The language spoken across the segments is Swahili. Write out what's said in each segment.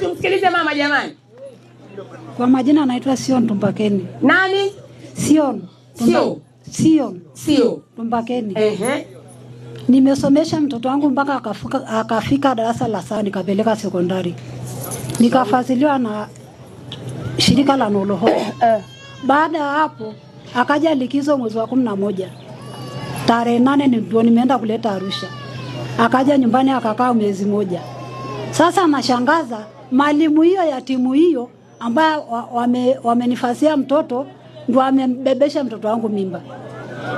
tumsikilize mama jamani. Kwa majina anaitwa Sion Tumbakeni. Nani? Sion. Sio. Sion Sio. Tumbakeni. Ehe. Nimesomesha mtoto wangu mpaka akafika, akafika darasa la saba nikapeleka sekondari. Nikafadhiliwa na shirika la Noloho. Eh. Baada ya hapo akaja likizo mwezi wa kumi na moja tarehe nane ndio nimeenda kuleta Arusha. Akaja nyumbani akakaa mwezi moja. Sasa anashangaza Mwalimu hiyo ya timu hiyo ambayo wamenifasia wame mtoto ndo amembebesha mtoto wangu mimba.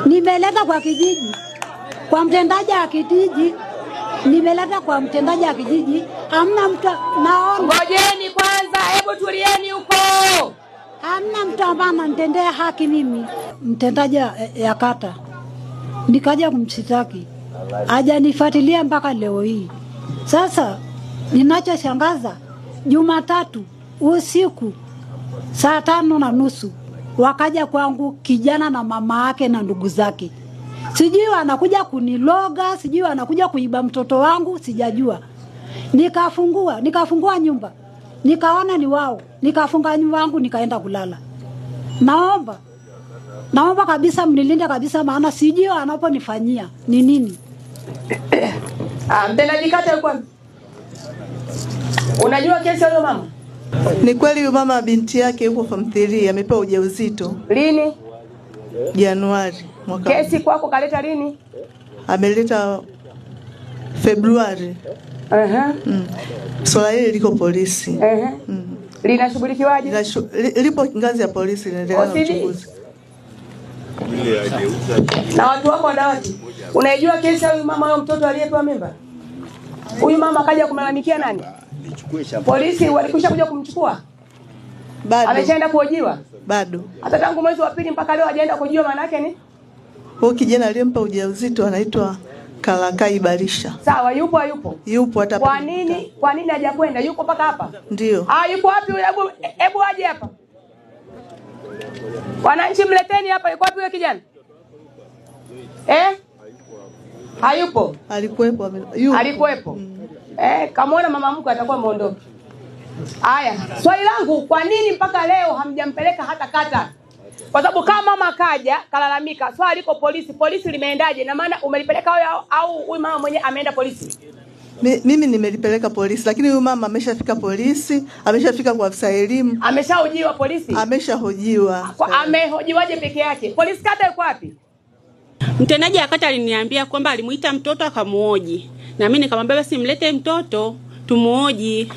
Nimeleta kwa kijiji kwa mtendaji wa kijiji, nimeleta kwa mtendaji wa kijiji, hamna mtu. Naona ngojeni kwanza, hebu tulieni huko, hamna mtu ambaye ananitendea haki mimi. Mtendaji ya kata nikaja kumshitaki hajanifuatilia mpaka leo hii. Sasa ninachoshangaza Jumatatu usiku saa tano na nusu wakaja kwangu kijana na mama yake na ndugu zake, sijui wanakuja kuniloga, sijui wanakuja kuiba mtoto wangu, sijajua. Nikafungua nikafungua nyumba nikaona ni wao, nikafunga nyumba yangu nikaenda kulala. Naomba naomba kabisa mnilinde kabisa, maana sijui wanaponifanyia ni nini. Ah, mtendaji kata Unajua kesi ya huyo mama? Ni kweli huyo mama binti yake yuko form 3 amepewa ujauzito. Lini? Januari mwaka. Kesi kwako kaleta lini? Ameleta Februari. Uh -huh. Mm. Swala hili liko polisi. Uh -huh. Mm. Linashughulikiwaje? Linashu, lipo ngazi ya polisi inaendelea na uchunguzi. Na watu wako wadawati. Unaijua kesi ya huyu mama huyo mtoto aliyepewa mimba? Huyu mama kaja kumlalamikia nani? Polisi walikwisha kuja kumchukua? Bado. Ameshaenda kuhojiwa? Bado. Hata tangu mwezi wa pili mpaka leo hajaenda kuhojiwa maana yake ni? Huyo kijana aliyempa ujauzito anaitwa Kalakai Barisha. Sawa, yupo hayupo? Yupo hata. Kwa nini? Kwa nini hajakwenda? Yuko mpaka hapa? Ndio. Ah, yupo wapi? Hebu hebu aje hapa. Wananchi mleteni hapa, yuko wapi huyo kijana? Eh? Hayupo. Alikuwepo. Alikuwepo. Mm eh, kamwona mama mkwe atakuwa ameondoka. Haya, swali langu, kwa nini mpaka leo hamjampeleka hata kata? Kwa sababu kama mama kaja kalalamika, swali liko polisi, polisi limeendaje? Na maana umelipeleka wewe au huyu mama mwenye ameenda polisi? Mimi nimelipeleka polisi, lakini huyu mama ameshafika polisi, ameshafika kwa afisa elimu, ameshahojiwa polisi, ameshahojiwa. Amehojiwaje peke yake? Polisi kata yuko wapi? Mtendaji akata aliniambia kwamba alimuita mtoto akamuoji na mimi nikamwambia basi mlete mtoto tumuoji,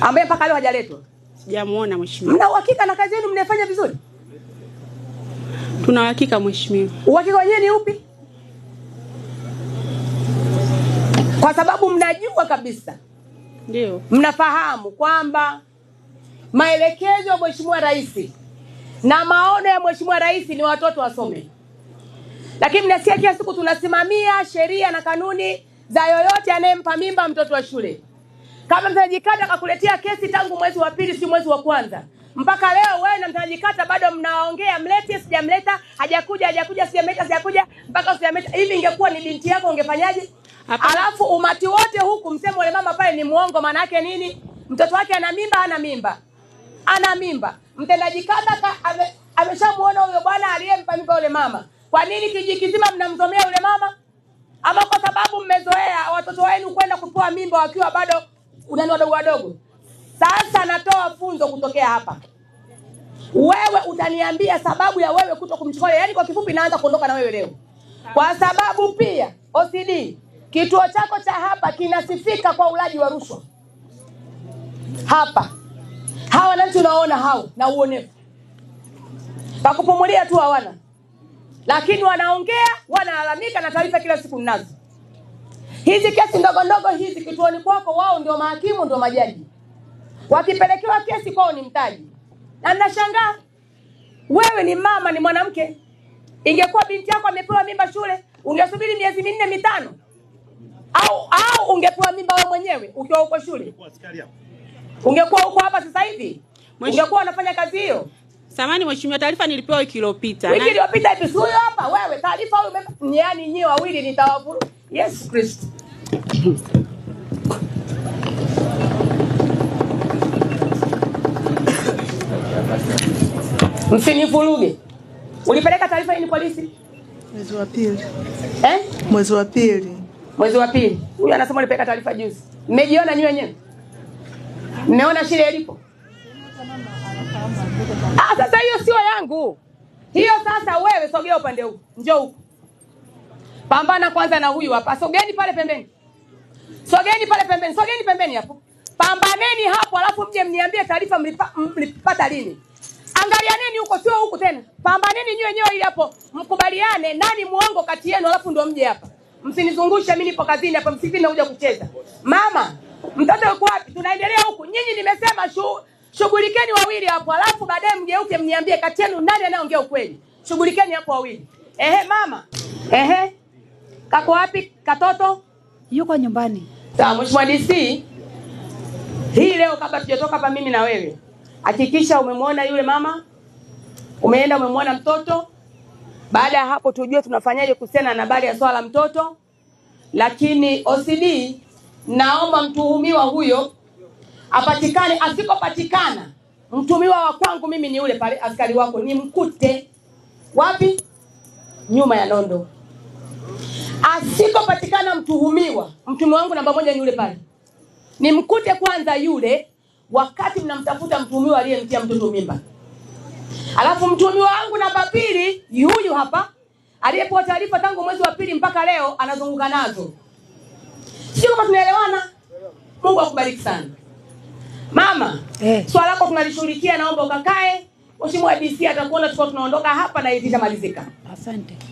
ambaye mpaka leo hajaletwa. Sijamuona mheshimiwa. Mna uhakika na kazi yenu mnaifanya vizuri? Tuna uhakika mheshimiwa. Uhakika wenyewe ni upi? Kwa sababu mnajua kabisa, ndio mnafahamu kwamba maelekezo ya mheshimiwa rais na maono ya mheshimiwa rais ni watoto wasome, lakini mnasikia kila siku tunasimamia sheria na kanuni za yoyote anayempa mimba mtoto wa shule. Kama mtendaji kata akakuletea kesi tangu mwezi wa pili, si mwezi wa kwanza, mpaka leo wewe na mtendaji kata bado mnaongea, mlete, sijamleta, hajakuja, hajakuja, sijamleta, sijakuja, mpaka sijamleta. Hivi ingekuwa ni binti yako ungefanyaje? Alafu umati wote huku mseme yule mama pale ni muongo. Maana yake nini? Mtoto wake ana mimba, ana mimba, ana mimba. Mtendaji kata ame, huyo bwana aliyempa mimba yule mama. Kwa nini kijiji kizima mnamzomea yule mama? Ama kwa watoto wenu kwenda kutoa mimba wakiwa bado unani wadogo wadogo. Sasa natoa funzo kutokea hapa. Wewe utaniambia sababu ya wewe kuto kumchukua, yaani kwa kifupi, naanza kuondoka na wewe leo, kwa sababu pia OCD kituo chako cha hapa kinasifika kwa ulaji wa rushwa hapa. Hawa wananchi unaona hao na uonevu, pakupumulia tu hawana, lakini wanaongea wanalalamika, na taarifa kila siku ninazo. Hizi kesi ndogo ndogo hizi kituoni kwako, wao ndio mahakimu, ndio majaji, wakipelekewa kesi kwao ni mtaji. Na nashangaa wewe ni mama, ni mwanamke, ingekuwa binti yako amepewa mimba shule, ungesubiri miezi minne mitano, au au ungepewa mimba wewe mwenyewe ukiwa huko shule, ungekuwa huko hapa sasa hivi, ungekuwa unafanya kazi hiyo. Samani mheshimiwa, taarifa nilipewa wiki iliyopita, wiki iliyopita, huyo hapa wewe taarifa, Yani nyie wawili nitawavuruga Yesu Kristo. Msinivuruge. Ulipeleka taarifa hii polisi? Mwezi wa pili. Eh? Mwezi wa pili. Mwezi wa pili. Huyu anasema ulipeleka taarifa juzi. Mmejiona nyinyi wenyewe? Mmeona shida ilipo? Ah, sasa hiyo sio yangu. Hiyo sasa wewe sogea upande huu. Njoo Pambana kwanza na huyu hapa. Sogeni pale pembeni. Sogeni pale pembeni. Sogeni pembeni hapo. Pambaneni hapo alafu mje mniambie taarifa mlipata lini. Angalianeni huko sio huku tena. Pambaneni nyewe nyewe ili hapo mkubaliane nani muongo kati yenu alafu ndio mje hapa. Msinizungushe mimi nipo kazini hapa msifini na uja kucheza. Mama, mtoto yuko wapi? Tunaendelea huku. Nyinyi nimesema shu, shughulikeni wawili hapo alafu baadaye mgeuke mniambie kati yenu nani anaongea ukweli. Shughulikeni hapo wawili. Ehe mama. Ehe. Kako wapi katoto? Yuko nyumbani. Sawa, Mheshimiwa DC, hii leo kabla tujatoka hapa mimi na wewe, hakikisha umemwona yule mama, umeenda umemwona mtoto. Baada ya hapo, tujue tunafanyaje kuhusiana na habari ya swala la mtoto. Lakini OCD, naomba mtuhumiwa huyo apatikane. Asipopatikana, mtumiwa wa kwangu mimi ni yule pale askari wako, nimkute wapi? Nyuma ya nondo. Asipopatikana mtuhumiwa, mtume wangu namba moja ni yule pale, nimkute kwanza yule wakati mnamtafuta mtuhumiwa aliyemtia mtoto mimba. Alafu mtuhumiwa wangu namba pili yuyu hapa aliyepewa taarifa tangu mwezi wa pili mpaka leo anazunguka nazo. Sio kama tunaelewana? Mungu akubariki sana. Mama, eh, swala lako tunalishughulikia, naomba ukakae. Mheshimiwa DC atakuona tukao, tunaondoka hapa na hivi tamalizika. Asante.